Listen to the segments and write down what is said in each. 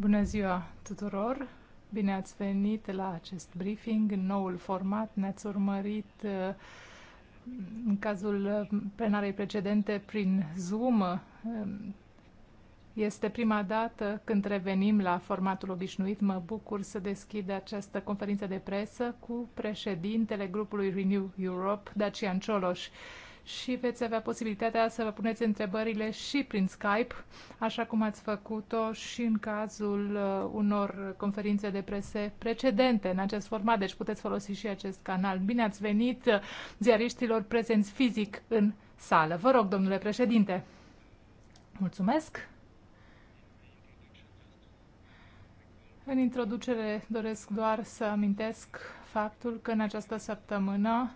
Bună ziua tuturor! Bine ați venit la acest briefing în noul format. Ne-ați urmărit uh, în cazul uh, plenarei precedente prin Zoom. Um, este prima dată când revenim la formatul obișnuit. Mă bucur să deschid această conferință de presă cu președintele grupului Renew Europe, Dacian Cioloș și veți avea posibilitatea să vă puneți întrebările și prin Skype, așa cum ați făcut-o și în cazul uh, unor conferințe de prese precedente în acest format, deci puteți folosi și acest canal. Bine ați venit uh, ziariștilor prezenți fizic în sală. Vă rog, domnule președinte. Mulțumesc. În introducere doresc doar să amintesc faptul că în această săptămână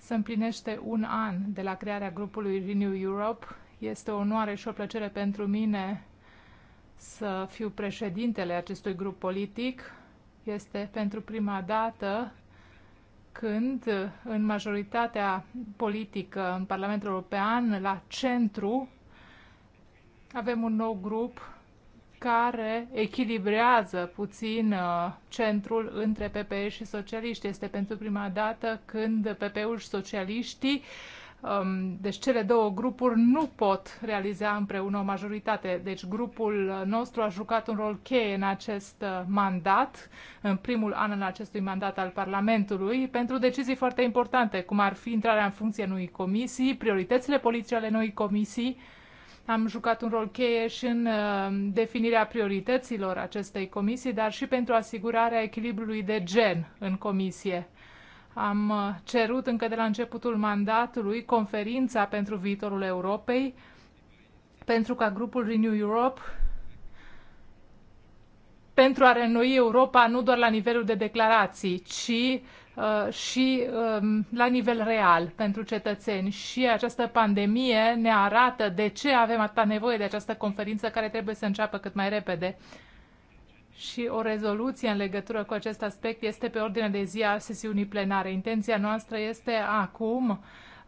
se împlinește un an de la crearea grupului Renew Europe. Este o onoare și o plăcere pentru mine să fiu președintele acestui grup politic. Este pentru prima dată când în majoritatea politică în Parlamentul European, la centru, avem un nou grup care echilibrează puțin uh, centrul între PPE și socialiști. Este pentru prima dată când PPE-ul și socialiștii um, deci cele două grupuri nu pot realiza împreună o majoritate. Deci grupul uh, nostru a jucat un rol cheie în acest uh, mandat, în primul an în acestui mandat al Parlamentului, pentru decizii foarte importante, cum ar fi intrarea în funcție noii comisii, prioritățile politice ale noii comisii, am jucat un rol cheie și în uh, definirea priorităților acestei comisii, dar și pentru asigurarea echilibrului de gen în comisie. Am uh, cerut încă de la începutul mandatului conferința pentru viitorul Europei, pentru ca grupul Renew Europe pentru a renoi Europa nu doar la nivelul de declarații, ci Uh, și um, la nivel real pentru cetățeni. Și această pandemie ne arată de ce avem atâta nevoie de această conferință care trebuie să înceapă cât mai repede. Și o rezoluție în legătură cu acest aspect este pe ordine de zi a sesiunii plenare. Intenția noastră este acum uh,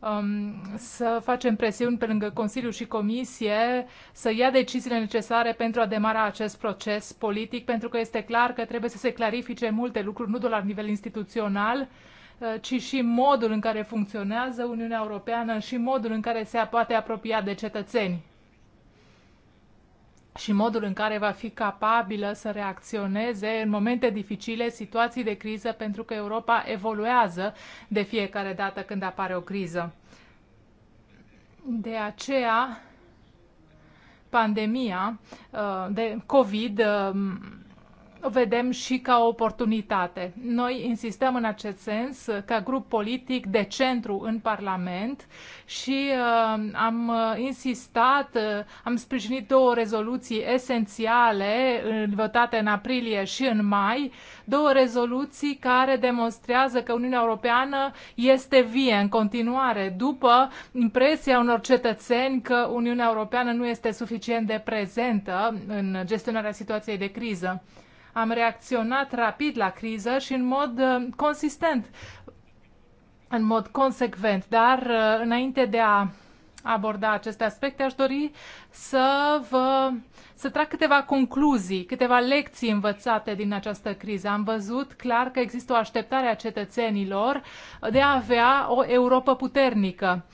Um, să facem presiuni pe lângă Consiliu și Comisie să ia deciziile necesare pentru a demara acest proces politic, pentru că este clar că trebuie să se clarifice multe lucruri, nu doar la nivel instituțional, uh, ci și modul în care funcționează Uniunea Europeană și modul în care se poate apropia de cetățeni și modul în care va fi capabilă să reacționeze în momente dificile, situații de criză, pentru că Europa evoluează de fiecare dată când apare o criză. De aceea, pandemia uh, de COVID um, o vedem și ca o oportunitate. Noi insistăm în acest sens uh, ca grup politic de centru în Parlament și uh, am uh, insistat, uh, am sprijinit două rezoluții esențiale votate în aprilie și în mai, două rezoluții care demonstrează că Uniunea Europeană este vie în continuare, după impresia unor cetățeni că Uniunea Europeană nu este suficient de prezentă în gestionarea situației de criză. Am reacționat rapid la criză și în mod uh, consistent, în mod consecvent. Dar uh, înainte de a aborda aceste aspecte, aș dori să vă să trag câteva concluzii, câteva lecții învățate din această criză. Am văzut clar că există o așteptare a cetățenilor de a avea o Europa puternică.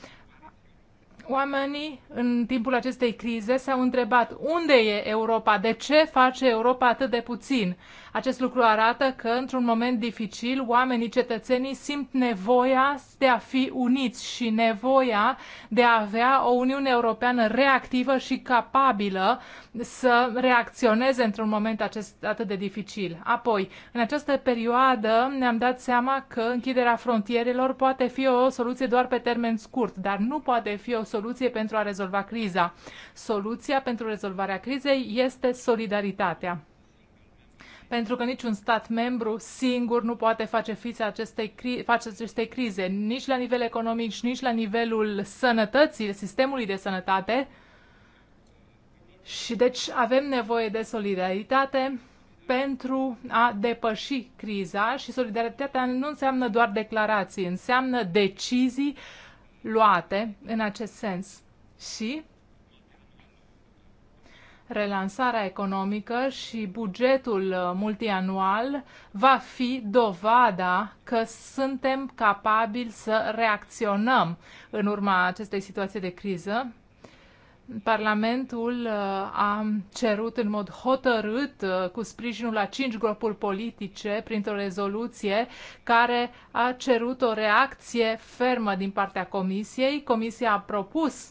Oamenii, în timpul acestei crize, s-au întrebat unde e Europa, de ce face Europa atât de puțin. Acest lucru arată că, într-un moment dificil, oamenii, cetățenii simt nevoia de a fi uniți și nevoia de a avea o Uniune Europeană reactivă și capabilă să reacționeze într-un moment acest, atât de dificil. Apoi, în această perioadă ne-am dat seama că închiderea frontierelor poate fi o soluție doar pe termen scurt, dar nu poate fi o soluție pentru a rezolva criza. Soluția pentru rezolvarea crizei este solidaritatea pentru că niciun stat membru singur nu poate face fița acestei, cri- face acestei crize, nici la nivel economic, nici la nivelul sănătății, sistemului de sănătate. Și deci avem nevoie de solidaritate pentru a depăși criza și solidaritatea nu înseamnă doar declarații, înseamnă decizii uh, luate în acest sens și relansarea economică și bugetul uh, multianual va fi dovada că suntem capabili să reacționăm în urma acestei situații de criză Parlamentul uh, a cerut în mod hotărât, uh, cu sprijinul a cinci grupuri politice, printr-o rezoluție care a cerut o reacție fermă din partea Comisiei. Comisia a propus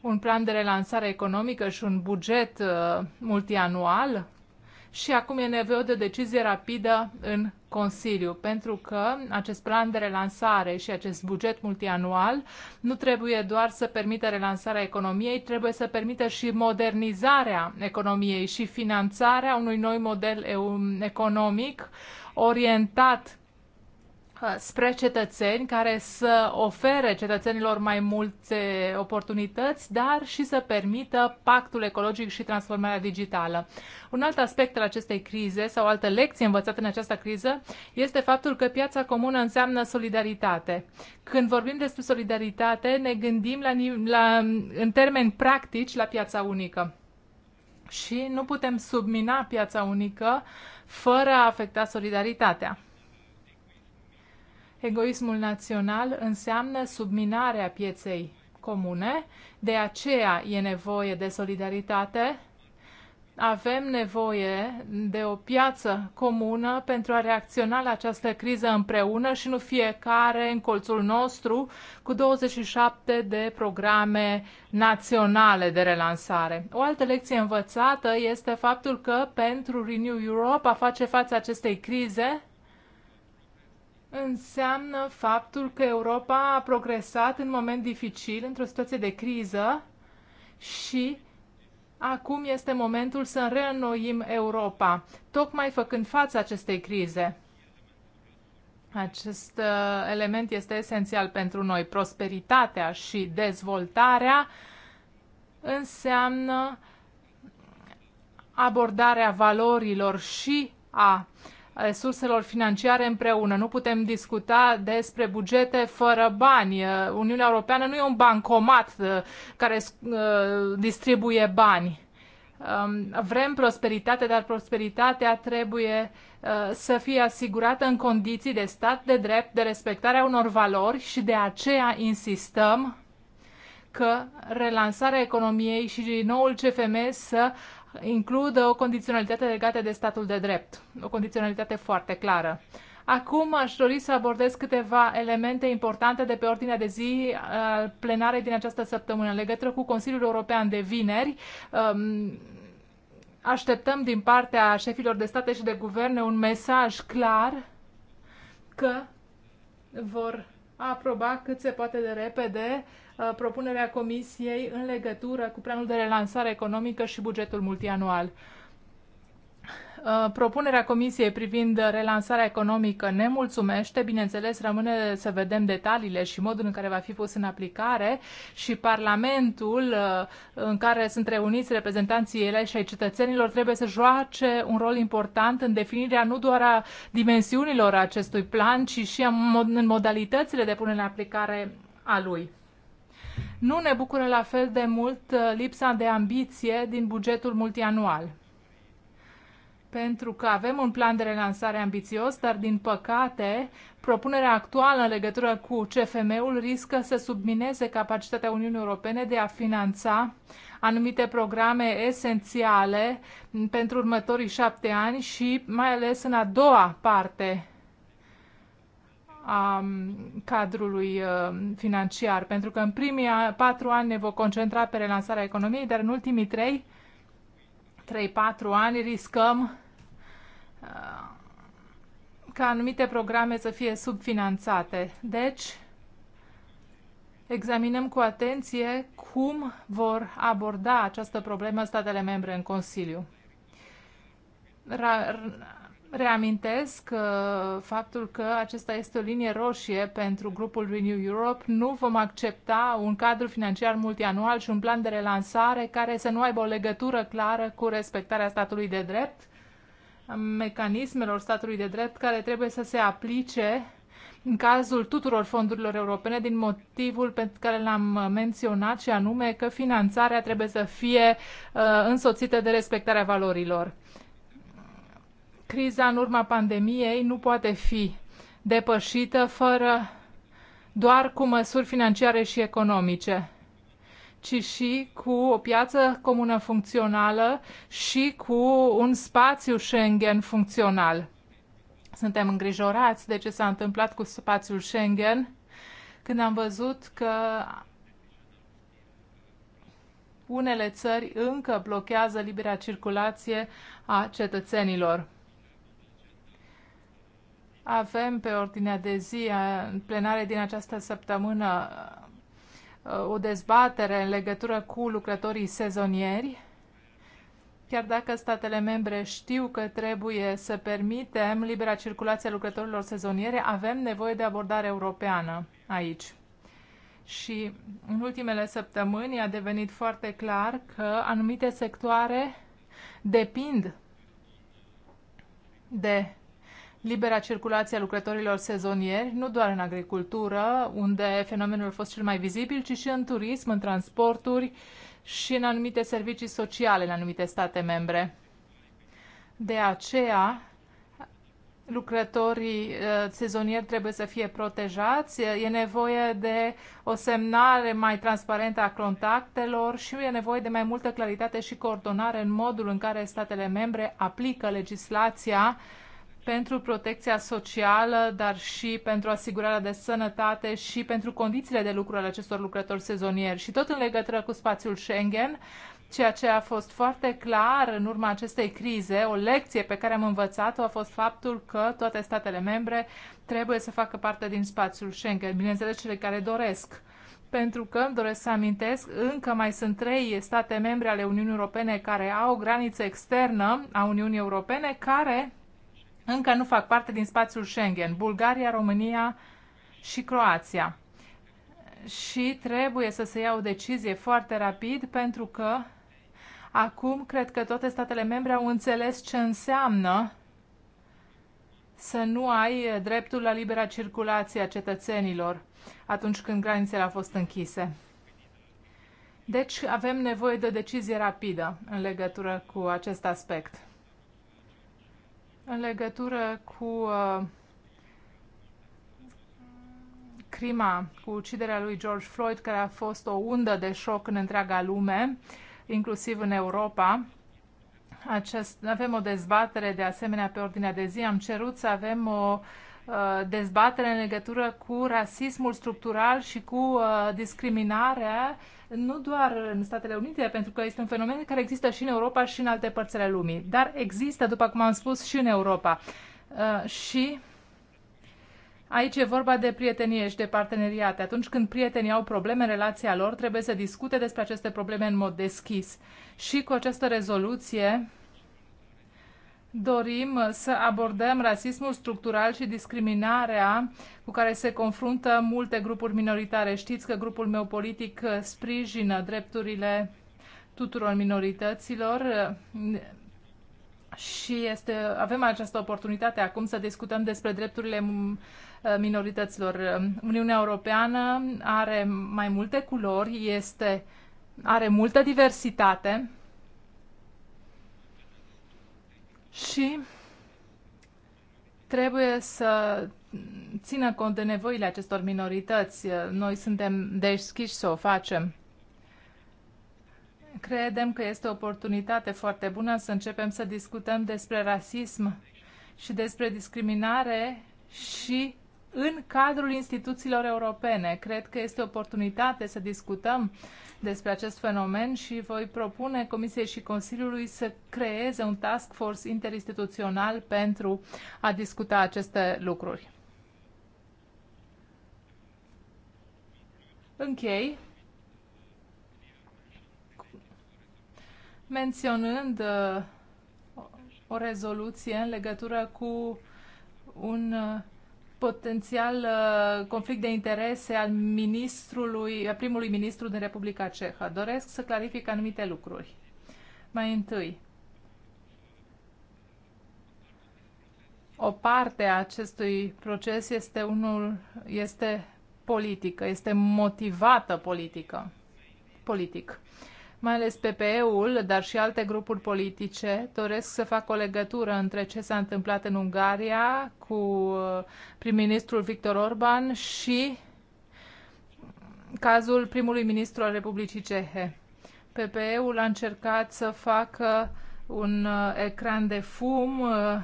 un plan de relansare economică și un buget uh, multianual și acum e nevoie de o decizie rapidă în Consiliu, pentru că acest plan de relansare și acest buget multianual nu trebuie doar să permită relansarea economiei, trebuie să permită și modernizarea economiei și finanțarea unui noi model economic orientat spre cetățeni care să ofere cetățenilor mai multe oportunități, dar și să permită pactul ecologic și transformarea digitală. Un alt aspect al acestei crize sau altă lecție învățată în această criză este faptul că piața comună înseamnă solidaritate. Când vorbim despre solidaritate, ne gândim la, la, în termeni practici la piața unică. Și nu putem submina piața unică fără a afecta solidaritatea. Egoismul național înseamnă subminarea pieței comune, de aceea e nevoie de solidaritate. Avem nevoie de o piață comună pentru a reacționa la această criză împreună și nu fiecare în colțul nostru cu 27 de programe naționale de relansare. O altă lecție învățată este faptul că pentru Renew Europe a face față acestei crize înseamnă faptul că Europa a progresat în moment dificil, într-o situație de criză și acum este momentul să reînnoim Europa, tocmai făcând față acestei crize. Acest uh, element este esențial pentru noi. Prosperitatea și dezvoltarea înseamnă abordarea valorilor și a uh, resurselor financiare împreună. Nu putem discuta despre bugete fără bani. Uh, Uniunea Europeană nu e un bancomat uh, care uh, distribuie bani. Um, vrem prosperitate, dar prosperitatea trebuie să fie asigurată în condiții de stat de drept, de respectarea unor valori și de aceea insistăm că relansarea economiei și noul CFM să includă o condiționalitate legată de statul de drept, o condiționalitate foarte clară. Acum aș dori să abordez câteva elemente importante de pe ordinea de zi uh, plenarei din această săptămână. În legătură cu Consiliul European de vineri, um, așteptăm din partea șefilor de state și de guverne un mesaj clar că vor aproba cât se poate de repede Uh, propunerea Comisiei în legătură cu planul de relansare economică și bugetul multianual. Uh, propunerea Comisiei privind relansarea economică ne mulțumește, bineînțeles rămâne să vedem detaliile și modul în care va fi pus în aplicare și Parlamentul uh, în care sunt reuniți reprezentanții ele și ai cetățenilor trebuie să joace un rol important în definirea nu doar a dimensiunilor acestui plan, ci și în modalitățile de punere în aplicare a lui. Nu ne bucură la fel de mult uh, lipsa de ambiție din bugetul multianual. Pentru că avem un plan de relansare ambițios, dar din păcate, propunerea actuală în legătură cu CFM-ul riscă să submineze capacitatea Uniunii Europene de a finanța anumite programe esențiale pentru următorii șapte ani și mai ales în a doua parte a mm, cadrului financiar, pentru că în primii patru ani ne vom concentra pe relansarea economiei, dar în ultimii trei, trei patru ani riscăm ca anumite programe să fie subfinanțate. Deci, examinăm cu atenție cum vor aborda această problemă statele membre în Consiliu. Ra Reamintesc uh, faptul că acesta este o linie roșie pentru grupul Renew Europe. Nu vom accepta un cadru financiar multianual și un plan de relansare care să nu aibă o legătură clară cu respectarea statului de drept, mecanismelor statului de drept care trebuie să se aplice în cazul tuturor fondurilor europene din motivul pe care l-am menționat și anume că finanțarea trebuie să fie uh, însoțită de respectarea valorilor criza în urma pandemiei nu poate fi depășită fără doar cu măsuri financiare și economice, ci și cu o piață comună funcțională și cu un spațiu Schengen funcțional. Suntem îngrijorați de ce s-a întâmplat cu spațiul Schengen când am văzut că unele țări încă blochează libera circulație a cetățenilor. Avem pe ordinea de zi plenare din această săptămână uh, o dezbatere în legătură cu lucrătorii sezonieri. Chiar dacă statele membre știu că trebuie să permitem libera circulație a lucrătorilor sezoniere, avem nevoie de abordare europeană aici. Și în ultimele săptămâni a devenit foarte clar că anumite sectoare depind de libera circulație a lucrătorilor sezonieri, nu doar în agricultură, unde fenomenul a fost cel mai vizibil, ci și în turism, în transporturi și în anumite servicii sociale în anumite state membre. De aceea, lucrătorii uh, sezonieri trebuie să fie protejați, e nevoie de o semnare mai transparentă a contactelor și e nevoie de mai multă claritate și coordonare în modul în care statele membre aplică legislația pentru protecția socială, dar și pentru asigurarea de sănătate și pentru condițiile de lucru ale acestor lucrători sezonieri. Și tot în legătură cu spațiul Schengen, ceea ce a fost foarte clar în urma acestei crize, o lecție pe care am învățat-o a fost faptul că toate statele membre trebuie să facă parte din spațiul Schengen, bineînțeles cele care doresc pentru că, doresc să amintesc, încă mai sunt trei state membre ale Uniunii Europene care au o graniță externă a Uniunii Europene, care încă nu fac parte din spațiul Schengen, Bulgaria, România și Croația. Și trebuie să se ia o decizie foarte rapid pentru că acum cred că toate statele membre au înțeles ce înseamnă să nu ai dreptul la libera circulație a cetățenilor atunci când granițele au fost închise. Deci avem nevoie de o decizie rapidă în legătură cu acest aspect în legătură cu uh, crima, cu uciderea lui George Floyd, care a fost o undă de șoc în întreaga lume, inclusiv în Europa. Acest, avem o dezbatere de asemenea pe ordinea de zi. Am cerut să avem o uh, Uh, dezbatere în legătură cu rasismul structural și cu uh, discriminarea, nu doar în Statele Unite, pentru că este un fenomen care există și în Europa și în alte părți ale lumii, dar există, după cum am spus, și în Europa. Uh, și Aici e vorba de prietenie și de parteneriate. Atunci când prietenii au probleme în relația lor, trebuie să discute despre aceste probleme în mod deschis. Și cu această rezoluție dorim uh, să abordăm rasismul structural și discriminarea cu care se confruntă multe grupuri minoritare. Știți că grupul meu politic uh, sprijină drepturile tuturor minorităților uh, și este, avem această oportunitate acum să discutăm despre drepturile minorităților. Uniunea Europeană are mai multe culori, este, are multă diversitate și trebuie să țină cont de nevoile acestor minorități. Noi suntem deschiși să o facem. Credem că este o oportunitate foarte bună să începem să discutăm despre rasism și despre discriminare și în cadrul instituțiilor europene. Cred că este oportunitate să discutăm despre acest fenomen și voi propune Comisiei și Consiliului să creeze un task force interinstituțional pentru a discuta aceste lucruri. Închei menționând uh, o rezoluție în legătură cu un uh, potențial uh, conflict de interese al ministrului, primului ministru din Republica Cehă. Doresc să clarific anumite lucruri. Mai întâi, o parte a acestui proces este unul este politică, este motivată politică, politic. Uh, mai ales PPE-ul, dar și alte grupuri politice, doresc să facă o legătură între ce s-a întâmplat în Ungaria cu uh, prim-ministrul Victor Orban și cazul primului ministru al Republicii Cehe. PPE-ul a încercat să facă un uh, ecran de fum uh,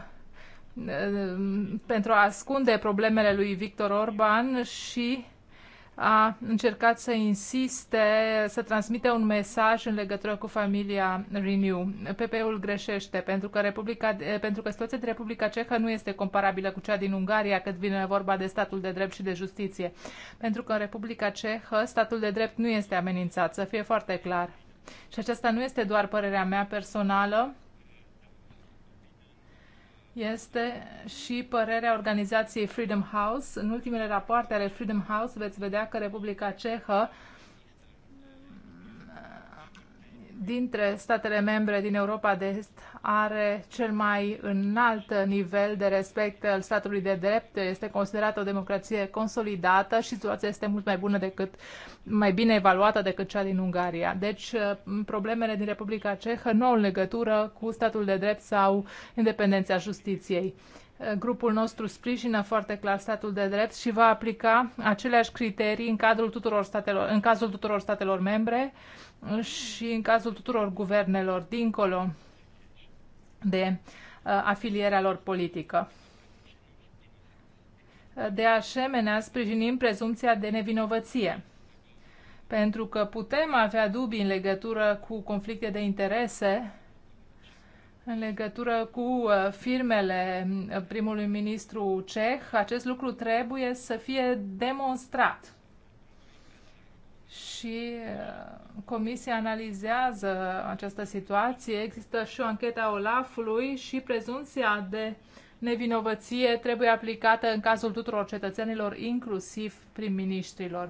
pentru a ascunde problemele lui Victor Orban și a încercat să insiste, să transmite un mesaj în legătură cu familia Renew. PP-ul greșește pentru că, Republica, pentru că situația din Republica Cehă nu este comparabilă cu cea din Ungaria cât vine vorba de statul de drept și de justiție. Pentru că în Republica Cehă statul de drept nu este amenințat, să fie foarte clar. Și aceasta nu este doar părerea mea personală, este și părerea organizației Freedom House. În ultimele rapoarte ale Freedom House veți vedea că Republica Cehă dintre statele membre din Europa de Est are cel mai înalt nivel de respect al statului de drept, este considerată o democrație consolidată și situația este mult mai bună decât, mai bine evaluată decât cea din Ungaria. Deci uh, problemele din Republica Cehă nu au legătură cu statul de drept sau independența justiției. Grupul nostru sprijină foarte clar statul de drept și va aplica aceleași criterii în, cadrul tuturor statelor, în cazul tuturor statelor membre și în cazul tuturor guvernelor dincolo de uh, afilierea lor politică. De asemenea, sprijinim prezumția de nevinovăție, pentru că putem avea dubii în legătură cu conflicte de interese în legătură cu uh, firmele uh, primului ministru ceh, acest lucru trebuie să fie demonstrat. Și uh, comisia analizează această situație. Există și o anchetă a Olafului și prezumția de nevinovăție trebuie aplicată în cazul tuturor cetățenilor, inclusiv prim-ministrilor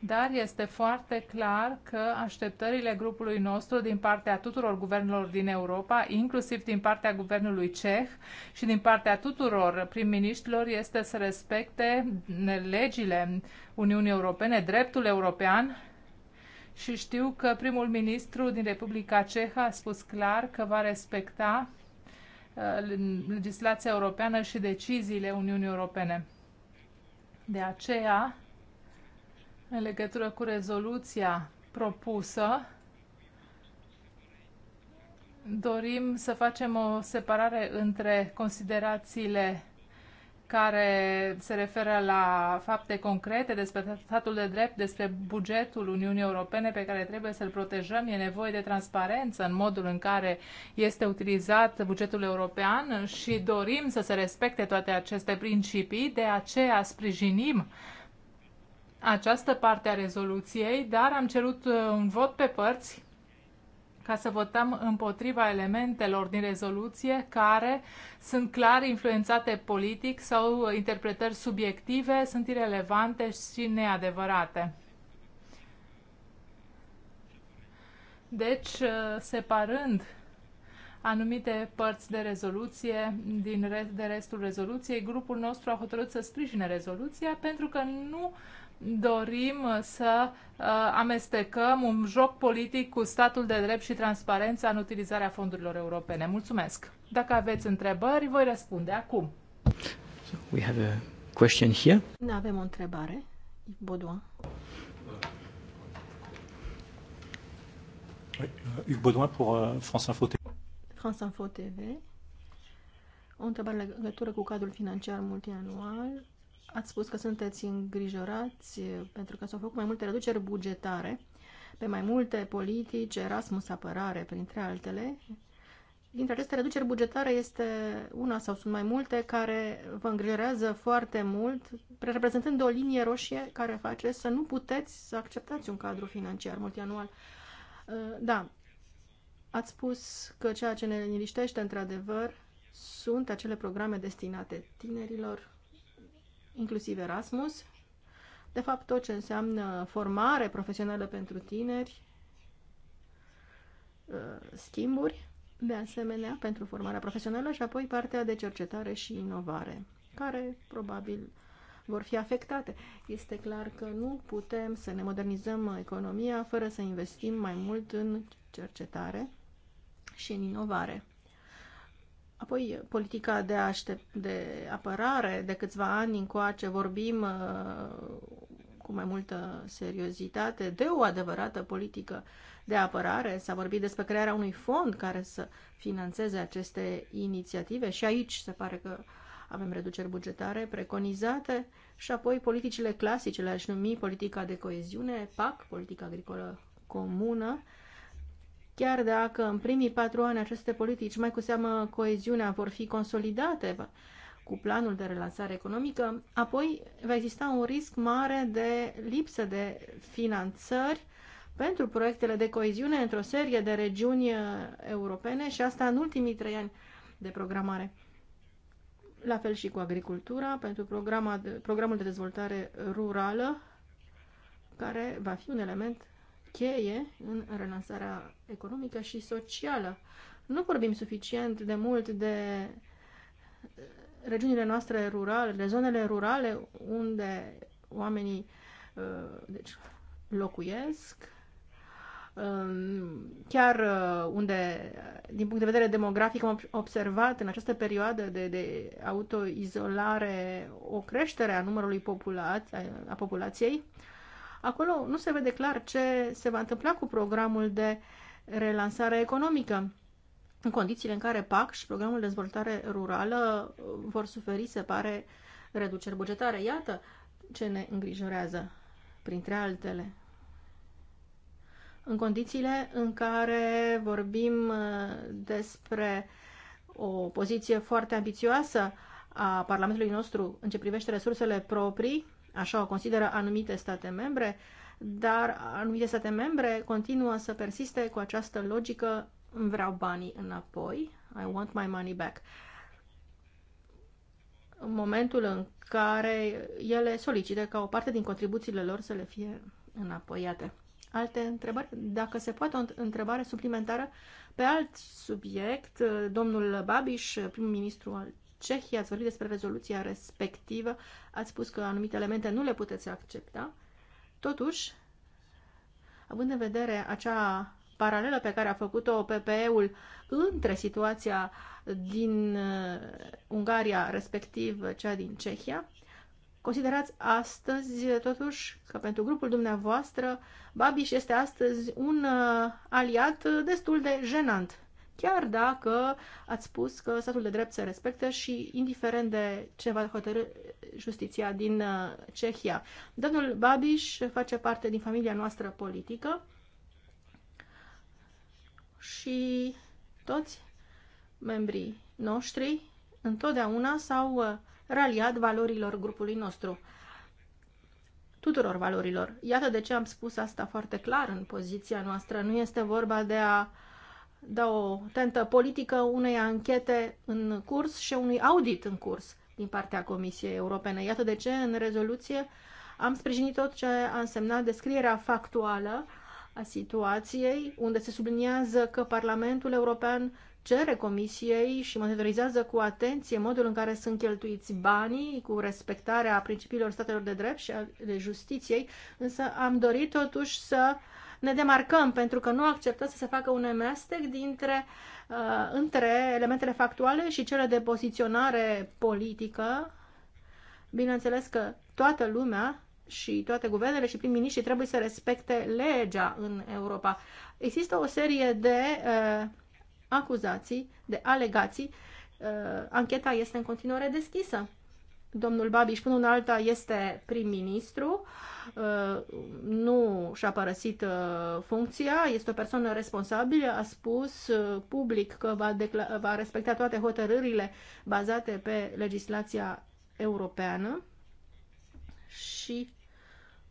dar este foarte clar că așteptările grupului nostru din partea tuturor guvernelor din Europa, inclusiv din partea guvernului ceh și din partea tuturor prim-ministrilor, este să respecte legile Uniunii Europene, dreptul european și știu că primul ministru din Republica Cehă a spus clar că va respecta uh, legislația europeană și deciziile Uniunii Europene. De aceea, în legătură cu rezoluția propusă, dorim să facem o separare între considerațiile care se referă la fapte concrete despre statul de drept, despre bugetul Uniunii Europene pe care trebuie să-l protejăm. E nevoie de transparență în modul în care este utilizat bugetul european și dorim să se respecte toate aceste principii, de aceea sprijinim uh, această parte a rezoluției, dar am cerut uh, un vot pe părți ca să votăm împotriva elementelor din rezoluție care sunt clar influențate politic sau uh, interpretări subiective, sunt irelevante și neadevărate. Deci, uh, separând anumite părți de rezoluție din rest, de restul rezoluției, grupul nostru a hotărât să sprijine rezoluția pentru că nu dorim uh, să uh, amestecăm un joc politic cu statul de drept și transparența în utilizarea fondurilor europene. Mulțumesc! Dacă aveți întrebări, voi răspunde acum. So we have a question here. Nu avem o întrebare. Baudouin. Bodoin. Hugues pour euh, France Info TV. France Info TV. O întrebare legătură cu cadrul financiar multianual Ați spus că sunteți îngrijorați pentru că s-au făcut mai multe reduceri bugetare pe mai multe politici, Erasmus, apărare, printre altele. Dintre aceste reduceri bugetare este una sau sunt mai multe care vă îngrijorează foarte mult, reprezentând o linie roșie care face să nu puteți să acceptați un cadru financiar multianual. Da, ați spus că ceea ce ne liniștește într-adevăr sunt acele programe destinate tinerilor, inclusiv Erasmus, de fapt tot ce înseamnă formare profesională pentru tineri, uh, schimburi, de asemenea, pentru formarea profesională și apoi partea de cercetare și inovare, care probabil vor fi afectate. Este clar că nu putem să ne modernizăm economia fără să investim mai mult în cercetare și în inovare. Apoi, politica de, aștept, de apărare, de câțiva ani încoace vorbim uh, cu mai multă seriozitate de o adevărată politică de apărare. S-a vorbit despre crearea unui fond care să financeze aceste inițiative și aici se pare că avem reduceri bugetare preconizate și apoi politicile clasice, le-aș numi politica de coeziune, PAC, politica agricolă comună, Chiar dacă în primii patru ani aceste politici, mai cu seamă coeziunea, vor fi consolidate cu planul de relansare economică, apoi va exista un risc mare de lipsă de finanțări pentru proiectele de coeziune într-o serie de regiuni europene și asta în ultimii trei ani de programare. La fel și cu agricultura, pentru programa de, programul de dezvoltare rurală, care va fi un element cheie în relansarea economică și socială. Nu vorbim suficient de mult de regiunile noastre rurale, de zonele rurale unde oamenii uh, deci, locuiesc, um, chiar uh, unde, din punct de vedere demografic, am observat în această perioadă de, de autoizolare o creștere a numărului populaț- a populației, acolo nu se vede clar ce se va întâmpla cu programul de relansare economică, în condițiile în care PAC și programul de dezvoltare rurală vor suferi, se pare, reduceri bugetare. Iată ce ne îngrijorează, printre altele. În condițiile în care vorbim uh, despre o poziție foarte ambițioasă a Parlamentului nostru în ce privește resursele proprii, Așa o consideră anumite state membre, dar anumite state membre continuă să persiste cu această logică îmi vreau banii înapoi, I want my money back. În momentul în care ele solicită ca o parte din contribuțiile lor să le fie înapoiate. Alte întrebări? Dacă se poate o întrebare suplimentară pe alt subiect, domnul Babiș, prim-ministru al Cehia, ați vorbit despre rezoluția respectivă, ați spus că anumite elemente nu le puteți accepta. Totuși, având în vedere acea paralelă pe care a făcut-o PPE-ul între situația din uh, Ungaria, respectiv cea din Cehia, Considerați astăzi, totuși, că pentru grupul dumneavoastră, Babiș este astăzi un uh, aliat destul de jenant chiar dacă ați spus că statul de drept se respectă și indiferent de ce va hotărâ justiția din uh, Cehia. Domnul Babiș face parte din familia noastră politică și toți membrii noștri întotdeauna s-au uh, raliat valorilor grupului nostru tuturor valorilor. Iată de ce am spus asta foarte clar în poziția noastră. Nu este vorba de a uh, da o tentă politică unei anchete în curs și unui audit în curs din partea Comisiei Europene. Iată de ce în rezoluție am sprijinit tot ce a însemnat descrierea factuală a situației, unde se subliniază că Parlamentul European cere Comisiei și monitorizează cu atenție modul în care sunt cheltuiți banii cu respectarea principiilor statelor de drept și de justiției, însă am dorit totuși să uh, ne demarcăm pentru că nu acceptăm să se facă un amestec dintre, uh, între elementele factuale și cele de poziționare politică. Bineînțeles că toată lumea și toate guvernele și prim-miniștrii trebuie să respecte legea în Europa. Există o serie de uh, acuzații, de alegații. Uh, ancheta este în continuare deschisă domnul Babiș până în alta este prim-ministru, uh, nu și-a părăsit uh, funcția, este o persoană responsabilă, a spus uh, public că va, va respecta toate hotărârile bazate pe legislația europeană și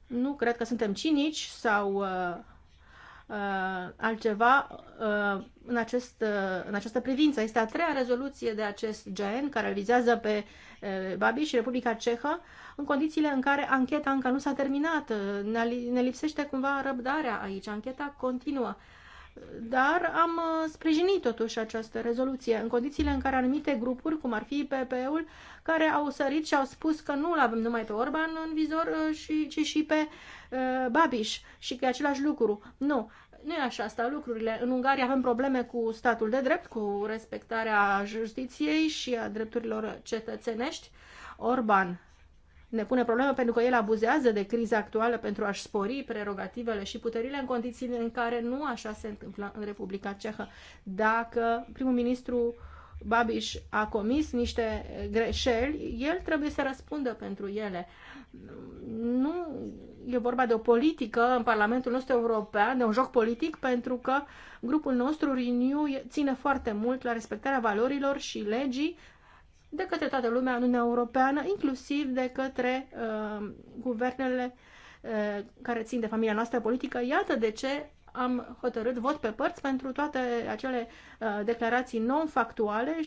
nu cred că suntem cinici sau uh, altceva uh, în, acest, uh, în această privință. Este a treia rezoluție de acest gen care vizează pe uh, Babi și Republica Cehă în condițiile în care ancheta încă nu s-a terminat. Uh, ne, ne lipsește cumva răbdarea aici. Ancheta continuă. Uh, dar am uh, sprijinit totuși această rezoluție în condițiile în care anumite grupuri, cum ar fi pp ul care au sărit și au spus că nu l avem numai pe Orban în vizor, uh, ci și pe uh, Babiș și că e același lucru. Nu, nu e așa asta lucrurile. În Ungaria avem probleme cu statul de drept, cu respectarea justiției și a drepturilor cetățenești. Orban ne pune probleme pentru că el abuzează de criza actuală pentru a-și spori prerogativele și puterile în condițiile în care nu așa se întâmplă în Republica Cehă. Dacă primul ministru Babiș a comis niște greșeli, el trebuie să răspundă pentru ele. Nu e vorba de o politică în Parlamentul nostru european, de un joc politic, pentru că grupul nostru Renew ține foarte mult la respectarea valorilor și legii de către toată lumea în Uniunea Europeană, inclusiv de către uh, guvernele uh, care țin de familia noastră politică. Iată de ce am hotărât vot pe părți pentru toate acele uh, declarații non-factuale